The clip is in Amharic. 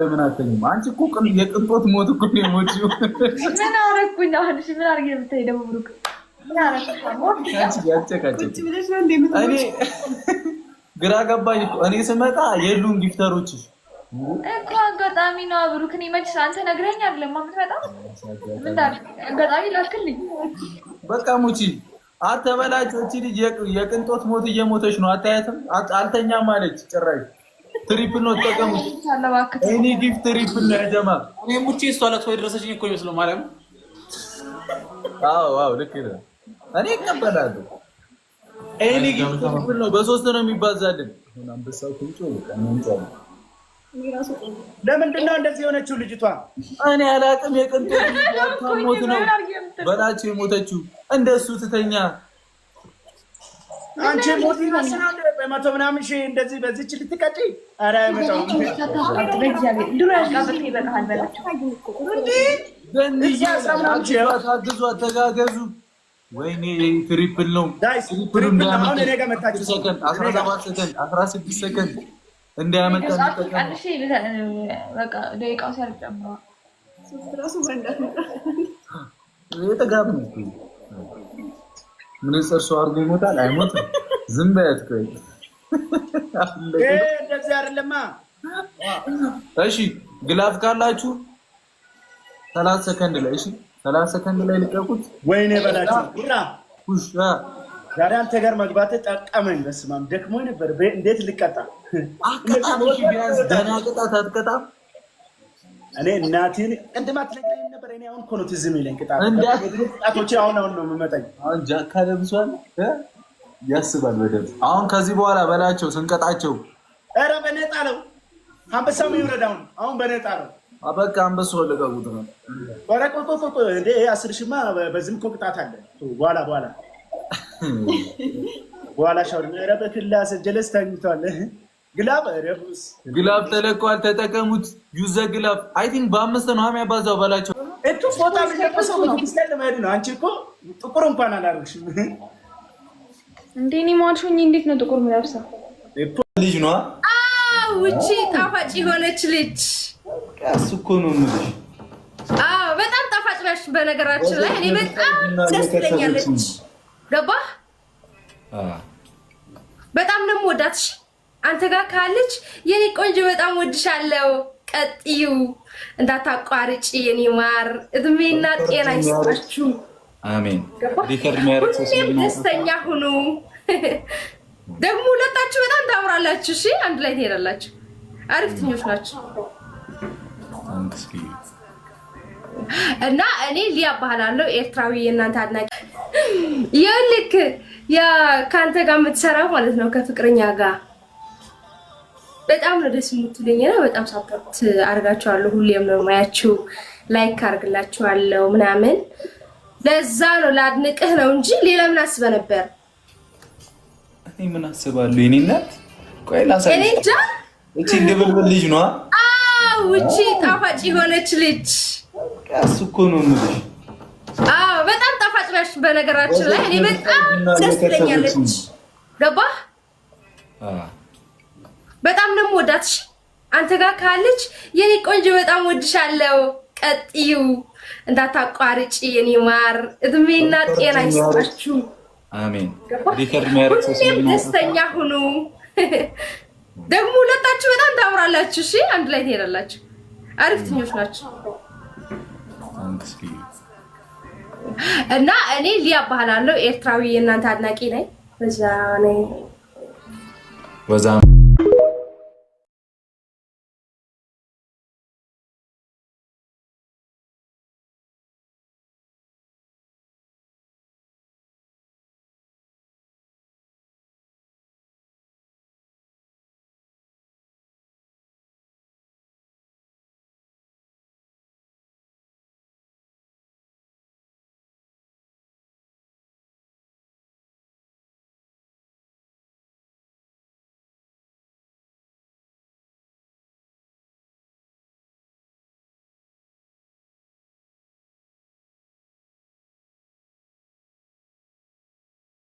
ለምን አተኝም? አንቺ እኮ የቅንጦት ሞት እኮ ሞት። ምን አረኩኝ? አሁንሽ ምን አርጌ የምታይ ደግሞ ብሩክ ግራ ገባኝ እኔ ስመጣ የሉም ጊፍተሮች እኮ አጋጣሚ ነው ብሩክ። እኔ መች አንተ ነግረኝ አይደለም የምትመጣ አጋጣሚ ላክልኝ በቃ ሙቺ አተበላጭ እቺ ልጅ የቅንጦት ሞት እየሞተች ነው። አታያትም? አልተኛም አለች ጭራሽ ትሪፕል ነው ተጠቀሙ። እኔ ጊፍት ትሪፕል ነው ያጀማ እኔ ሙቼ እሷ ላት ወይ እኮ ይመስለው ማርያም። አዎ አዎ ልክ ነው። እኔ እቀበላለሁ። እኔ ጊፍት ትሪፕል ነው በሶስት ነው የሚባዛልን። አንበሳው ቁንጮ ነው ለምንድን ነው እንደዚህ የሆነችው ልጅቷ? እኔ አላቅም። የቅንጦት ሞት ነው በላቸው የሞተችው እንደሱ ትተኛ አንቺ ሞት ይመስላል በመቶ ምናምን ሺህ እንደዚህ በዚች ልትቀጪ ታግዙ፣ አተጋገዙ። ወይኔ ትሪፕል ነው። አስራ ስድስት ሰከንድ ደቂቃው ነው። ምንጽር ሰው አድርጎ ይሞታል አይሞትም። ዝም በያት ቆይ እንደዚህ አይደለማ። እሺ ግላፍ ካላችሁ ሰላት ሰከንድ ላይ እሺ፣ ሰላት ሰከንድ ላይ ልቀቁት። ወይኔ በላችሁ ጉራ ጉራ ዛሬ አንተ ጋር መግባት ጠቀመኝ። በስመ አብ ደክሞኝ ነበር። እንዴት ልቀጣ? አቀጣ ቢያንስ ደህና ቅጣት አትቀጣም። እኔ እናቴን ቅድም አትለኝ እኔ አሁን እኮ ነው ትዝ የሚለኝ ቅጣቶች አሁን አሁን ነው የምመጣኝ። አሁን ጃካ ለብሷል ያስባል በደምብ። አሁን ከዚህ በኋላ በላቸው ስንቀጣቸው፣ ኧረ በነጣ ነው አንበሳም ይውረድ። አሁን አሁን በነጣ ነው በቃ አንበሱ ነው። ኧረ ቆይ ቆይ ቆይ እንደ አስር በዚህም እኮ ቅጣት አለ። በኋላ በኋላ በኋላ ኧረ በክላስ ጀለስ ተኝቷል። ግላብ ግላብ ተጠቀሙት። ዩዘ ግላብ አይ ቲንክ በአምስት ነው በላቸው ፎጣ የሚለበሰው ቤተክርስቲያን ለመሄድ ነው። አንቺ እኮ ጥቁር እንኳን አላደረግሽም። እንደ እኔ ማልሾኝ እንዴት ነው ጥቁር ምለብሰው? ልጅ ነዋ። አዎ እቺ ጣፋጭ የሆነች ልጅ እሱ እኮ ነው የምልሽ። አዎ በጣም ጣፋጭ ነሽ። በነገራችን ላይ እኔ በጣም ደስ ትለኛለች። ገባህ? በጣም ደግሞ ወዳትሽ አንተ ጋር ካለች የኔ ቆንጆ በጣም ወድሻለሁ ቀጥዩ እንዳታቋርጭ የኔ ማር፣ እድሜና ጤና ይስጣችሁ። አሜን። ሁሌም ደስተኛ ሁኑ። ደግሞ ሁለታችሁ በጣም ታምራላችሁ። እሺ፣ አንድ ላይ ትሄዳላችሁ። አሪፍ ትኞች ናችሁ እና እኔ ሊያ እባላለሁ ኤርትራዊ የእናንተ አድናቂ። ይኸውልህ ከአንተ ጋር የምትሰራው ማለት ነው ከፍቅረኛ ጋር በጣም ነው ደስ የምትለኝ የምትለኝና በጣም ሳፖርት አድርጋችኋለሁ። ሁሌም ነው ማያችሁ፣ ላይክ አድርግላችኋለሁ ምናምን። ለዛ ነው ላድንቅህ ነው እንጂ ሌላ ምን አስበህ ነበር? እኔ ምን አስባለሁ? የኔ እናት ቆይ ላሳይ። እንጃ። እቺ ድብልብል ልጅ ነ አዎ፣ ጣፋጭ የሆነች ልጅ እሱ እኮ ነው የምልሽ። አዎ፣ በጣም ጣፋጭ ነሽ። በነገራችን ላይ እኔ በጣም ደስ ትለኛለች። ገባህ? በጣም ደግሞ ወዳትሽ አንተ ጋር ካለች የኔ ቆንጆ በጣም ወድሻለሁ። ቀጥዩ እንዳታቋርጪ የኔ ማር፣ እድሜና ጤና ይስጣችሁ። አሜን። ሁሌም ደስተኛ ሁኑ። ደግሞ ሁለታችሁ በጣም ታምራላችሁ። እሺ፣ አንድ ላይ ትሄዳላችሁ። አሪፍትኞች ናችሁ። እና እኔ ሊያ እባላለሁ ኤርትራዊ የእናንተ አድናቂ ነኝ። በዛ ነኝ